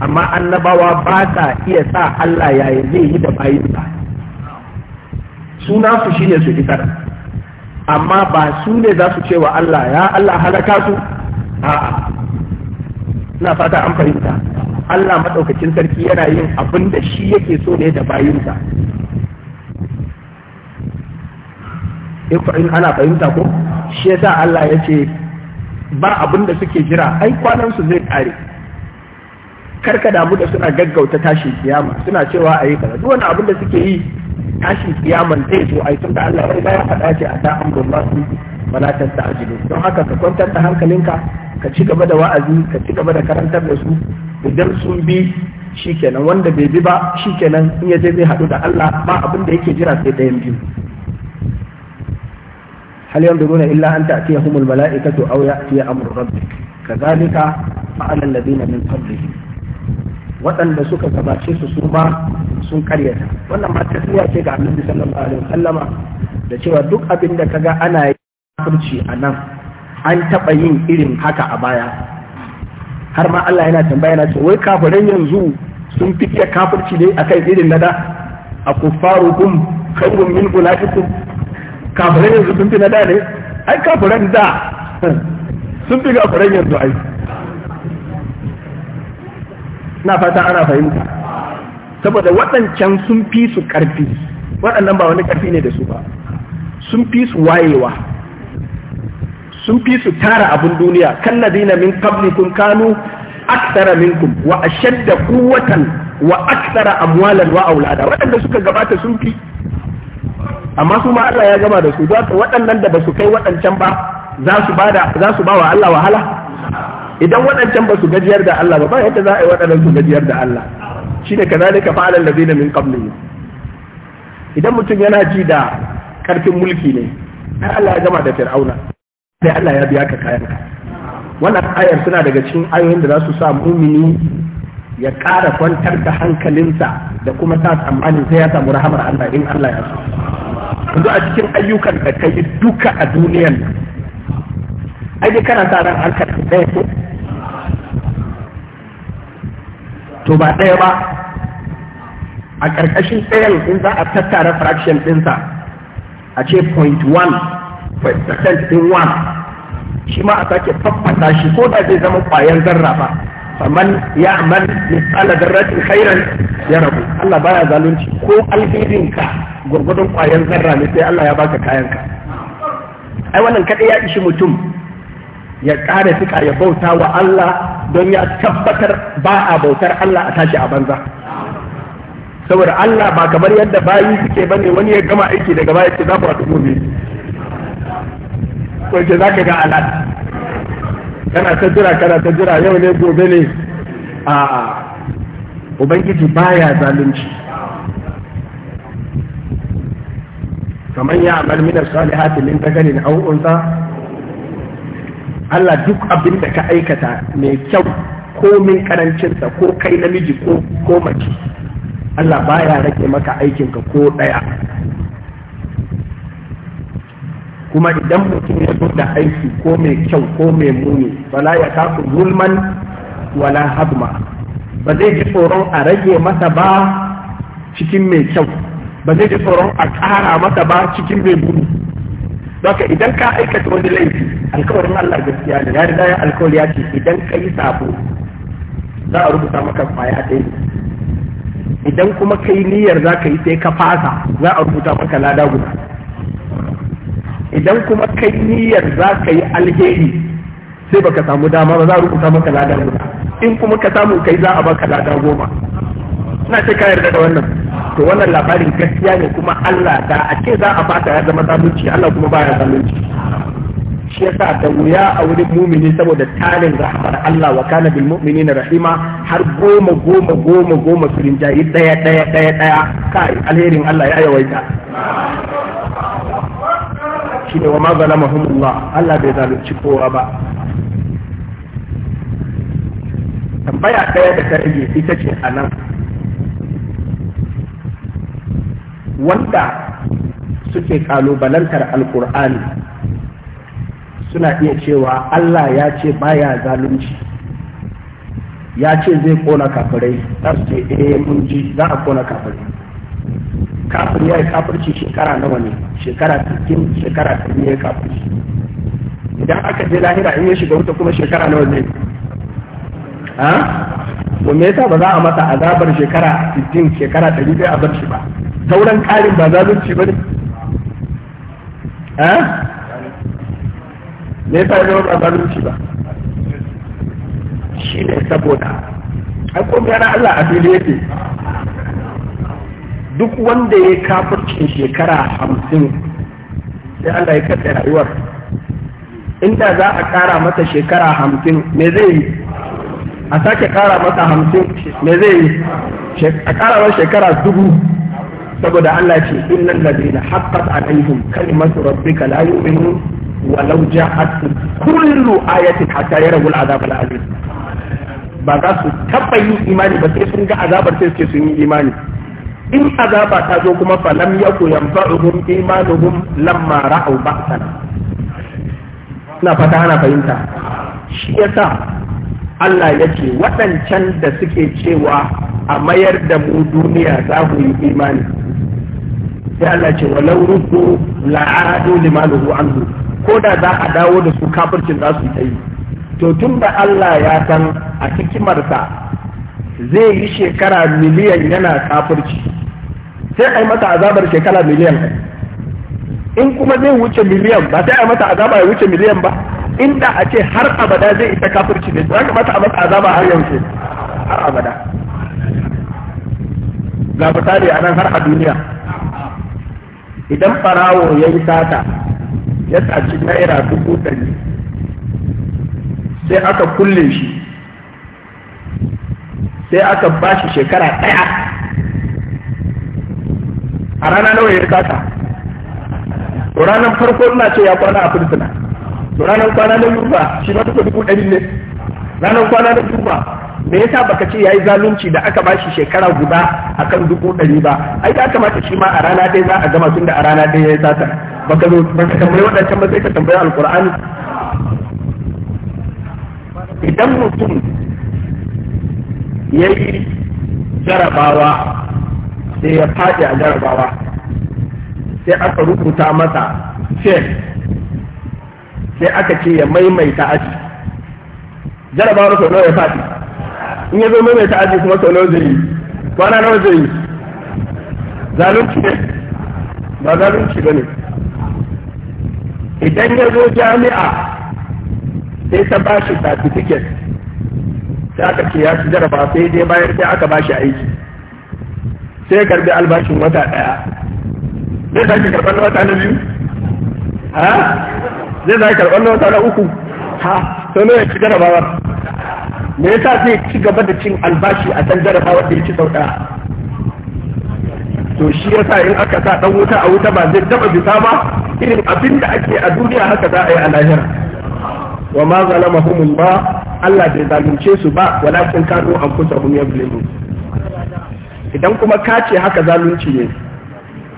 Speaker 1: amma annabawa ba sa iya sa Allah yaya zai yi da bayinsa suna su shine su isar amma ba su ne za su ce wa Allah ya Allah halaka su a'a ina fata an fahimta Allah maɗaukacin sarki yana yin abin da shi yake so ne da bayinsa in ana fahimta ko shi yasa Allah ya ce ba abin da suke jira ai kwanan su zai kare karka damu da suna gaggauta tashin kiyama suna cewa a yi kaza duk wani abin da suke yi tashin kiyaman zai zo ai tunda Allah ya ya faɗa ce a ta'an gumbatu malatar ta ajilu don haka ka kwantar da hankalinka ka ci gaba da wa'azi ka ci gaba da karantar da su idan sun bi shikenan wanda bai bi ba shikenan in ya je zai haɗu da Allah ba abin da yake jira sai ɗayan biyu هل ينظرون إلا أن تأتيهم malaikatu أو يأتي أمر ربك كذلك فعل الذين min قبلهم waɗanda suka gabace su su ma sun karyata wannan ma tafiya ce ga annabi sallallahu alaihi wasallama da cewa duk abin da kaga ana yi kafirci a nan an taɓa yin irin haka a baya har ma Allah yana tambaya yana ce wai kafiran yanzu sun fiye kafirci ne akai irin na da a kuffarukum kaurun min ulaikum kafiran yanzu sun fi na da ne ai kafiran da sun fi kafiran yanzu ai na fata ana fahimta saboda waɗancan sun fi su ƙarfi waɗannan ba wani ƙarfi ne da su ba sun fi su wayewa sun fi su tara abin duniya kan kalladina min qablikum kanu aktara minkum wa ashadda quwwatan wa aktara amwalan wa aulada waɗanda suka gabata sun fi amma su ma Allah ya gama da su waɗannan da ba su kai waɗancan ba za su ba wa Allah wahala idan waɗancan ba su gajiyar da Allah ba ba yadda za a yi waɗannan su gajiyar da Allah shi ne kazalika fa'ala allazina min qablihim idan mutum yana ji da karfin mulki ne ai Allah ya gama da fir'auna sai Allah ya biya ka kayan ka wannan ayar suna daga cikin ayoyin da za su sa mumini ya ƙara kwantar da hankalinsa da kuma sa tsammanin sai ya samu rahamar Allah in Allah ya so yanzu a cikin ayyukan da ka yi duka a duniyan ai dai kana sa ran harkar ɗaya ko to ba ɗaya ba a ƙarƙashin ɗayan in za a tattara fraction ɗinsa a ce point one ɗin one shi ma a sake faffasa shi ko da zai zama ƙwayar zarra ba faman ya amal misala zarratin khairan ya rabu Allah baya zalunci ko ka gwargwadon ƙwayar zarra ne sai Allah ya baka kayanka ai wannan kaɗai ya ishi mutum ya ƙara fika ya bauta wa Allah don ya tabbatar ba a bautar Allah a tashi a banza saboda Allah ba kamar yadda bayi suke ne wani ya gama aiki daga baya ce za ku haɗu gobe Wace za ka ga alat kana ta jira kana ta jira yau ne gobe ne a ubangiji baya zalunci kamar ya amal min salihati min dakalin Allah duk abin da ka aikata mai kyau ko min karancinsa ko kai namiji ko ko mace Allah baya rage maka aikinka ko ɗaya kuma idan mutum ya zo da aiki ko mai kyau ko mai muni wala ya kafu zulman wala hadma ba zai ji tsoron a rage masa ba cikin mai kyau ba zai ji tsoron a ƙara masa ba cikin mai muni Baka idan ka aikata wani laifi alkawarin Allah gaskiya ne ya riga ya alkawari ya ce idan ka yi sabo za a rubuta maka kwaya ɗaya idan kuma ka yi niyyar za ka yi sai ka fasa za a rubuta maka lada guda idan kuma ka yi niyyar za ka yi alheri sai baka samu dama ba za a rubuta maka lada guda in kuma ka samu kai za a baka lada goma ina ce ka yarda da wannan to wannan labarin gaskiya ne kuma Allah da a ce za a bata ya zama zalunci Allah kuma baya zalunci shi yasa da wuya a wurin mumini saboda tarin rahmar Allah wa kana bil mu'minina rahima har goma goma goma goma su rinjayi daya daya daya daya kai alherin Allah ya yawaita shi ne wa ma zalamahumullah Allah bai zalunci kowa ba tambaya daya da ta rage ita ce a nan. wanda suke kalubalantar alkur'ani suna iya cewa Allah ya ce baya zalunci ya ce zai kona kafirai za su ce eh mun ji za a kona kafirai kafin ya yi kafirci shekara nawa ne shekara 60 shekara 100 ya kafirci idan aka je lahira in ya shiga wuta kuma shekara nawa ne? ha to me yasa ba za a masa azabar shekara 60 shekara 100 a bar shi ba sauran ƙarin ba zalunci ba ne eh me yasa ya ba zalunci ba shi ne saboda An kuma yana Allah a fili yake duk wanda ya kafircin shekara hamsin sai Allah ya katse rayuwar inda za a kara masa shekara hamsin me zai yi a sake kara masa hamsin me zai yi a kara masa shekara dubu saboda Allah ce innal ladina haqqat alaihim kalimatu rabbika la yu'minun walau ja'at kullu ayatin hatta yarawul azab al ba za su taɓa yin imani ba sai sun ga azabar sai suke sun yi imani in azaba ta zo kuma fa lam yaku yanfa'uhum imanuhum lamma ra'u ba'sana ina fata ana fahimta shi yasa Allah ya ce waɗancan da suke cewa a mayar da mu duniya za mu yi imani sai Allah ce walau ruku la'adu limanuhu anhu ko da za a dawo da su kafircin za su yi to tun da Allah ya san a hikimarsa zai yi shekara miliyan yana kafirci sai a yi mata azabar shekara miliyan in kuma zai wuce miliyan ba sai a yi mata azaba ya wuce miliyan ba inda a ce har abada zai isa kafirci ne ka mata a masa azaba har yanzu har abada ga misali a nan har a duniya idan farawo ya yi sata ya saci naira dubu ɗari sai aka kulle shi sai aka ba shi shekara ɗaya a rana nawa ya sata ranar farko ina ce ya kwana a fursuna to ranar kwana na duba shi ma duka dubu ɗari ne ranar kwana na duba me yasa baka ce yayi zalunci da aka bashi shekara guda akan dubu ɗari ba ai da kamata shi ma a rana ɗaya za a gama tun da a rana ɗaya ya sata baka zo baka tambayi waɗancan ba sai ka tambayi alƙur'ani idan mutum ya yi jarabawa sai ya faɗi a jarabawa sai aka rubuta masa shek sai aka ce ya maimaita aji jarabawar sau nawa ya faɗi in ya zo maimaita aji kuma sau nawa zai yi kwana nawa zai yi zalunci ne ba zalunci ba ne idan ya zo jami'a sai ta ba shi certificate sai aka ce ya ci jaraba sai dai bayan sai aka ba shi aiki sai ya karbi albashin wata ɗaya zai sake karɓar wata na biyu zai zai karɓar na wata na uku ha sau ne ya ci jarabawa me yasa zai ci gaba da cin albashi a can jarabawa da ya ci sau ɗaya to shi yasa in aka sa ɗan wuta a wuta ba zai taɓa bisa ba irin abin da ake a duniya haka za a yi a lahira wa ma zalamahum ba Allah bai zalunce su ba walakin kusa anfusahum yazlimun idan kuma ka ce haka zalunci ne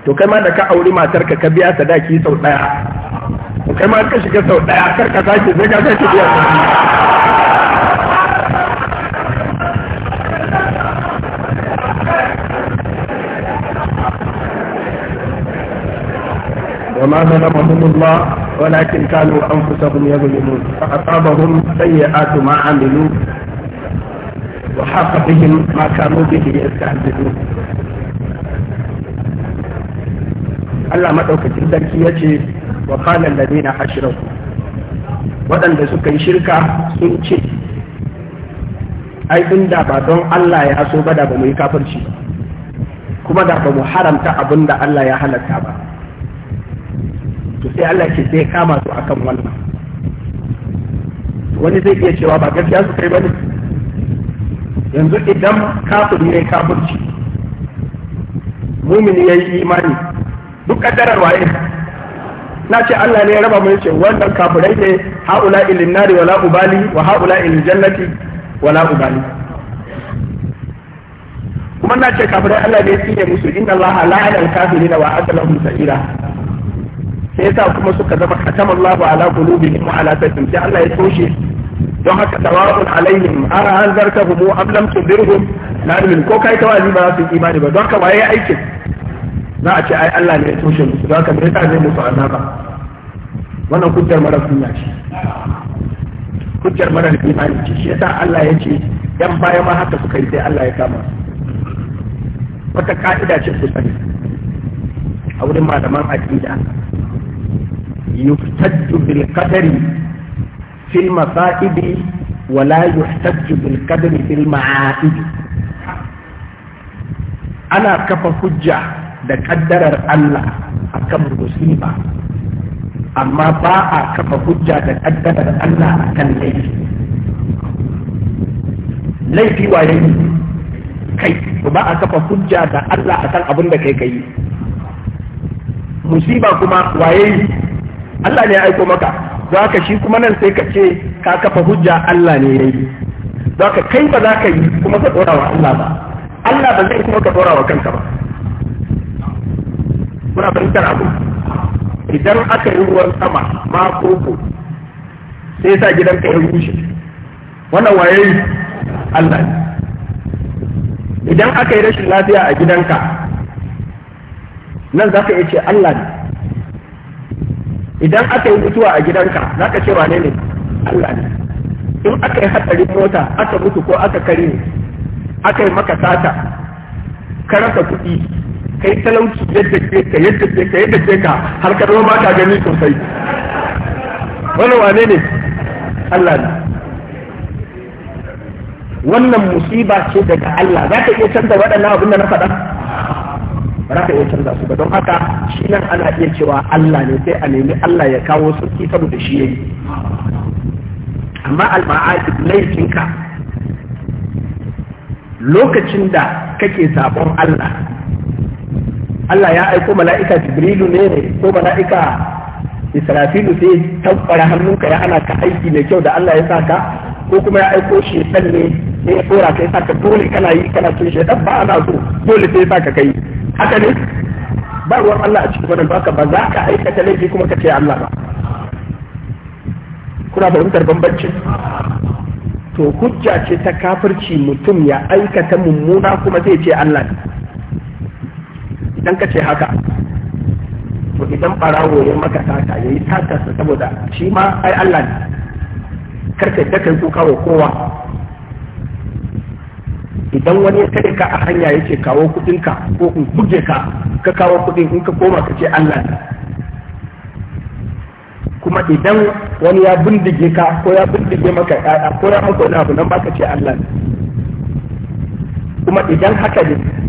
Speaker 1: to kai ma da ka auri matarka ka biya sadaki sau ɗaya ka shiga sau daya kar ka sake sai ka sake biya وما ظلمهم الله ولكن كانوا انفسهم يظلمون فاصابهم سيئات ما عملوا وحاق بهم ما كانوا به يستهزئون الله ما توكل ya wa qala na ashirin waɗanda suka yi shirka sun ce ai inda ba don Allah ya so ba da ba mu yi kafirci kuma da ba mu haramta abin da Allah ya halatta ba to sai Allah ke zai kama su akan wannan wani zai iya cewa ba gaskiya su kai bane yanzu idan kafir ne kafirci mumini ya yi imani duk kaddarar waye na ce Allah ne ya raba mu yace wannan kafirai ne haula ilin nari wala ubali wa haula ilin jannati wala ubali kuma na ce kafirai Allah ne ya musu inna Allah la'ana al-kafirin wa adalahum sa'ira sai yasa kuma suka zama katamallahu ala qulubihim wa ala sayyidihim sai Allah ya toshe don haka tawa'un alaihim ara an am lam tundirhum la ko kai tawali ba su imani ba don ya waye aikin za a ce ai Allah ne ya toshe musu za ka me yasa zai musu azaba wannan kujjar mara kunya ce kujjar mara imani ce shi yasa Allah ya ce yan bayan ma haka suka yi sai Allah ya kama wata ka'ida ce ku sani a wurin malaman aqida yuftaddu bil qadari fil masaibi wala yuhtaddu bil qadari fil ma'aibi ana kafa hujja da kaddarar Allah a kan musiba amma ba a kafa hujja da kaddarar Allah a kan laifi laifi waye kai ba a kafa hujja da Allah a kan abin da kai ka yi musiba kuma waye Allah ne ya aiko maka za ka shi kuma nan sai ka ce ka kafa hujja Allah ne ya yi za ka kai ba za ka yi kuma ka ɗora wa Allah ba Allah ba zai kuma ka ɗora wa kanka ba kuna fahimtar abu idan aka yi ruwan sama ma koko sai sa gidanka ya rushe wannan waye Allah ne idan aka yi rashin lafiya a gidanka nan za ka ce Allah ne idan aka yi mutuwa a gidanka za ka ce wane ne Allah ne in aka yi hatsari mota aka mutu ko aka kare aka yi maka sata ka rasa kuɗi yi talauci yadda ke ka yadda ke ka yadda ke ka har ka zama baka gani sosai wannan wane ne Allah ne wannan musiba ce daga Allah za ka iya canza waɗannan abin da na faɗa ba za ka iya canza su ba don haka shi nan ana iya cewa Allah ne sai a nemi Allah ya kawo ki saboda shi yayi amma al laifinka lokacin da kake sabon Allah Allah ya aiko mala'ika Jibrilu ne ne ko mala'ika Israfilu sai tabbara hannunka ya ana ka aiki mai kyau da Allah ya sa ka ko kuma ya aiko shi ne ne ya tsora ka ya sa ka dole kana yi kana cin shedan ba ana so dole sai ya sa ka kai haka ne ba ruwan Allah a cikin wannan baka ba za ka aikata laifi kuma ka ce Allah ba kuna fahimtar bambancin to hujja ce ta kafirci mutum ya aikata mummuna kuma zai ce Allah ne idan ka ce haka to idan barawo ya maka sata ya yi satarsa saboda shi ma ai Allah ne karka da kai kuka wa kowa idan wani ya tare ka a hanya ya ce kawo kudinka ko in buge ka ka kawo kudin in ka koma ka ce Allah ne kuma idan wani ya bindige ka ko ya bindige maka ko ya maka wani abu nan ba ka ce Allah ne kuma idan haka ne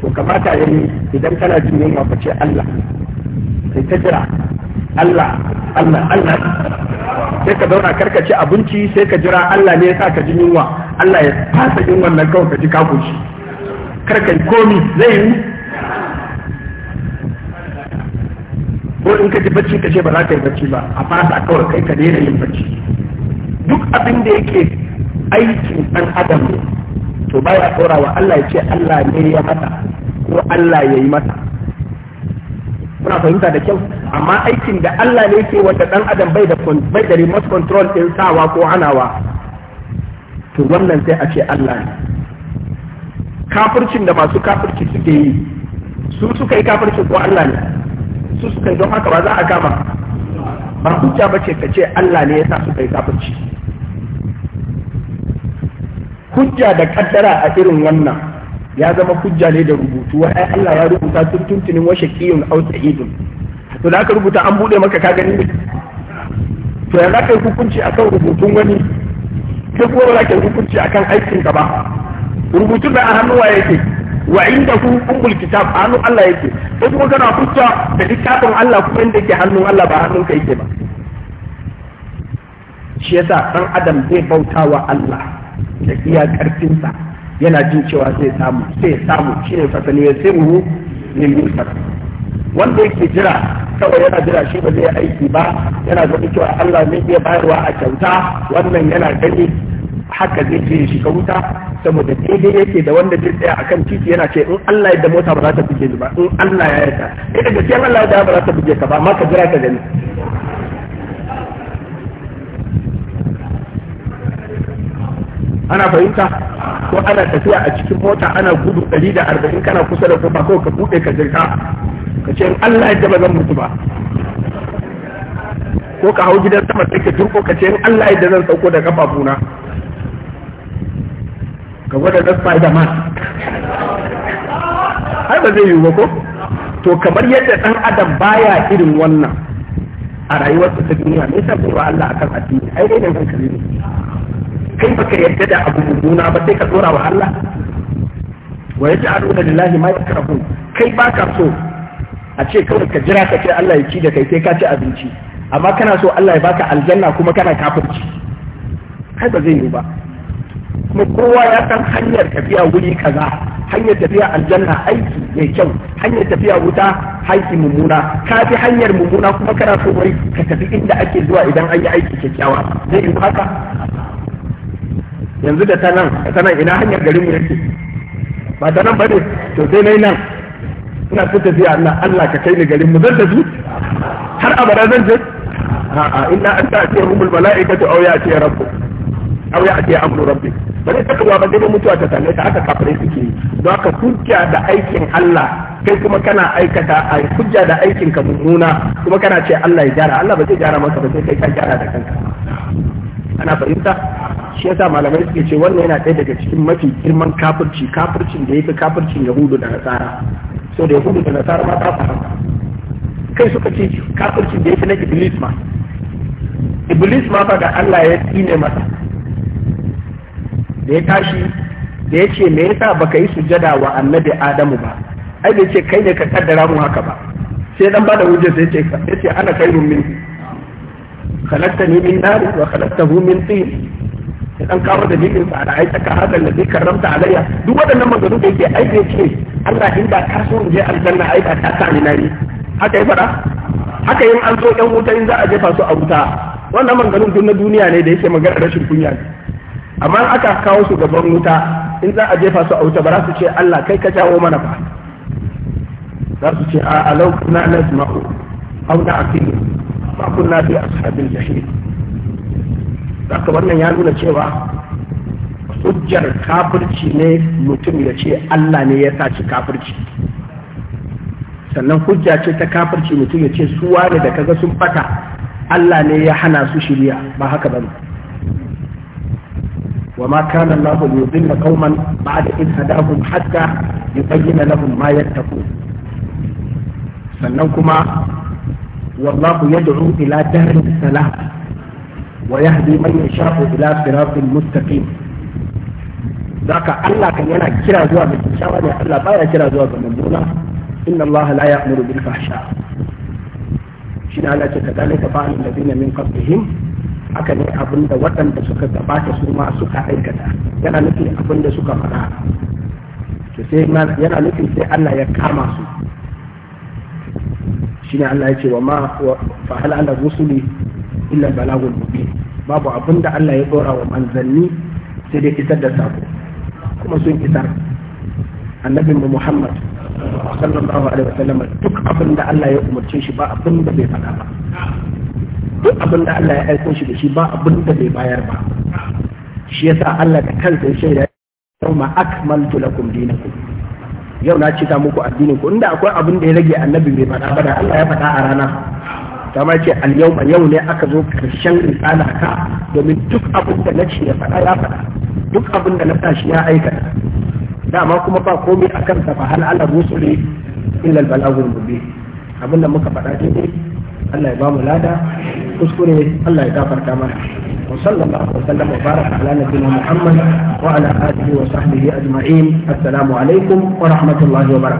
Speaker 1: to kamata ya yi idan kana jin yunwa ka ce Allah sai ta jira Allah Allah Allah sai ka zauna karkace ci abinci sai ka jira Allah ne ya sa ka ji yunwa Allah ya fasa yunwan nan kawai ka ji ka koshi komi zai yi ko in ka ji bacci ka ce ba za ka yi bacci ba a fasa kawai kai ka daina yin bacci duk abin da yake aikin ɗan adam to baya ɗora wa Allah ya ce Allah ne ya mata ko Allah ya yi masa kuna fahimta da kyau amma aikin da Allah ne ke wanda dan adam bai da bai da remote control din sawa ko hanawa to wannan sai a ce Allah ne kafircin da masu kafirci suke yi su suka yi kafircin ko Allah ne su suka yi don haka ba za a kama ba hujja ba ce ka ce Allah ne ya sa suka yi kafirci hujja da kaddara a irin wannan ya zama hujja ne da rubutu wai Allah ya rubuta tun tuntunin wa shaqiyun aw sa'idun to da aka rubuta an bude maka ka gani to ya zaka yi hukunci akan rubutun wani kai kuma ba za ka yi hukunci akan aikin ka ba rubutun da a hannu wa yake wa inda ku ummul kitab a hannun Allah yake ko kuma kana hujja da littafin Allah kuma inda yake hannun Allah ba hannun ka yake ba shi yasa dan adam zai bautawa Allah da iya karfinsa yana jin cewa sai samu sai samu shi ne fasali ya sai mu ne yusar wanda yake jira kawai yana jira shi ba zai aiki ba yana zaɓi cewa Allah ne iya bayarwa a kyauta wannan yana gani haka zai je shi ka wuta saboda daidai yake da wanda zai tsaya akan titi yana ce in Allah ya da mota ba za ta buge ni ba in Allah ya yarda eh da gaskiya Allah ya da ba za ta buge ka ba amma ka jira ka gani
Speaker 2: ana fahimta ko ana
Speaker 1: tafiya a cikin mota ana gudu 140 kana kusa da kuma kawai ka bude ka jirka ka ce Allah ya ba zan mutu ba ko ka hau gidan sama sai ka turko ka ce Allah ya zan sauko da kafafuna ka gwada na spiderman har ba zai yi ba ko to kamar yadda dan adam baya irin wannan a rayuwarsa ta duniya me yasa ba Allah akan addini ai dai nan kare ne kai baka yarda da abu mummuna ba sai ka tsora wa Allah wa yaj'alu lillahi ma yakrahu kai baka so a ce kawai ka jira ka ce Allah ya ci da kai sai ka ci abinci amma kana so Allah ya baka aljanna kuma kana kafirci kai ba zai yi ba kuma kowa ya san hanyar tafiya wuri kaza hanyar tafiya aljanna aiki mai kyau hanyar tafiya wuta aiki mummuna ka bi hanyar mummuna kuma kana so wai ka tafi inda ake zuwa idan an yi aiki kyakkyawa zai yi haka yanzu da ta nan ta ina hanyar garin mu yake ba da nan bane to sai nai nan ina so tafiya Allah Allah ka kai ni garin mu zan tafi har abada zan je a'a inna an ta'ti rumul malaikatu aw ya'ti rabbuk aw ya'ti amru rabbik bare ta kuwa ban da mutuwa ta tare ta aka kafare suke yi don haka hujja da aikin Allah kai kuma kana aikata ai hujja da aikin ka mummuna kuma kana ce Allah ya gyara Allah ba zai gyara maka ba sai kai ka gyara da kanka ana fahimta shi yasa malamai suke ce wannan yana ɗaya daga cikin mafi girman kafirci kafircin da ya fi kafircin yahudu da nasara so da yahudu da nasara ma ta fara kai suka ce kafircin da ya fi na iblis ma iblis ma ba ga Allah ya tsine masa da ya tashi da ya ce me yasa baka yi sujada wa annabi adamu ba ai bai ce kai ne ka kaddara mu haka ba sai dan bada hujja sai ce sai ce ana kai kairun min khalaqtani min nar wa khalaqtahu min tin ya dan kawo jikin sa da aita ka hadan da ramta alayya duk waɗannan maganganu da yake aiki yake Allah inda ka so je aljanna ai ba ta sani na haka yi fara haka yin an zo ɗan wuta in za a jefa su a wuta wannan maganganun duk na duniya ne da yake magana rashin kunya amma aka kawo su gaban wuta in za a jefa su a wuta ba za su ce Allah kai ka jawo mana ba za su ce a alau kuna nasma'u au na aqilu fa kunna fi ashabil jahim haka wannan ya nuna cewa hujjar kafirci ne mutum ya ce Allah ne ya ci kafirci sannan hujja ce ta kafirci mutum ya ce su wane da kaga sun fata Allah ne ya hana su shirya ba haka ba wa ma kana Allah yudilla qauman ba'da id hadahum hatta yubayyana lahum ma yattaqun sannan kuma wallahu yad'u ila darin salam ويهدي من يشاء إلى صراط مستقيم ذاك الله كان ينا كرا زوا بالشاور الله بايا كرا زوا بالمنزولة إن الله لا يأمر بالفحشاء شنا على كذلك فعل الذين من قبلهم haka ne abin da waɗanda suka gabata su ma suka aikata yana nufin abin da suka fara to sai yana nufin sai Allah ya kama su shine Allah ya ce wa ma fa hal ala rusuli illa balagul mubin babu abin da Allah ya dora wa manzanni sai dai isar da sako kuma sun isar annabin mu Muhammad sallallahu alaihi wasallam duk abin da Allah ya umarce shi ba abin da bai faɗa ba duk abin da Allah ya aiko shi da shi ba abin da bai bayar ba shi yasa Allah da kansa ya shaida yau ma akmaltu lakum dinakum yau na cika muku addinin ku inda akwai abin da ya rage annabi bai faɗa ba da Allah ya faɗa a rana kama ce yau yau ne aka zo karshen risala ka domin duk abin da na ce ya faɗa ya faɗa duk abin da na tashi ya aikata dama kuma ba komai a kansa fa hal ala rusuli illa al mubin abin da muka faɗa ne Allah ya ba mu lada kuskure Allah ya gafarta mana وصلى الله وسلم muhammad على ala محمد وعلى اله وصحبه اجمعين السلام عليكم ورحمه الله وبركاته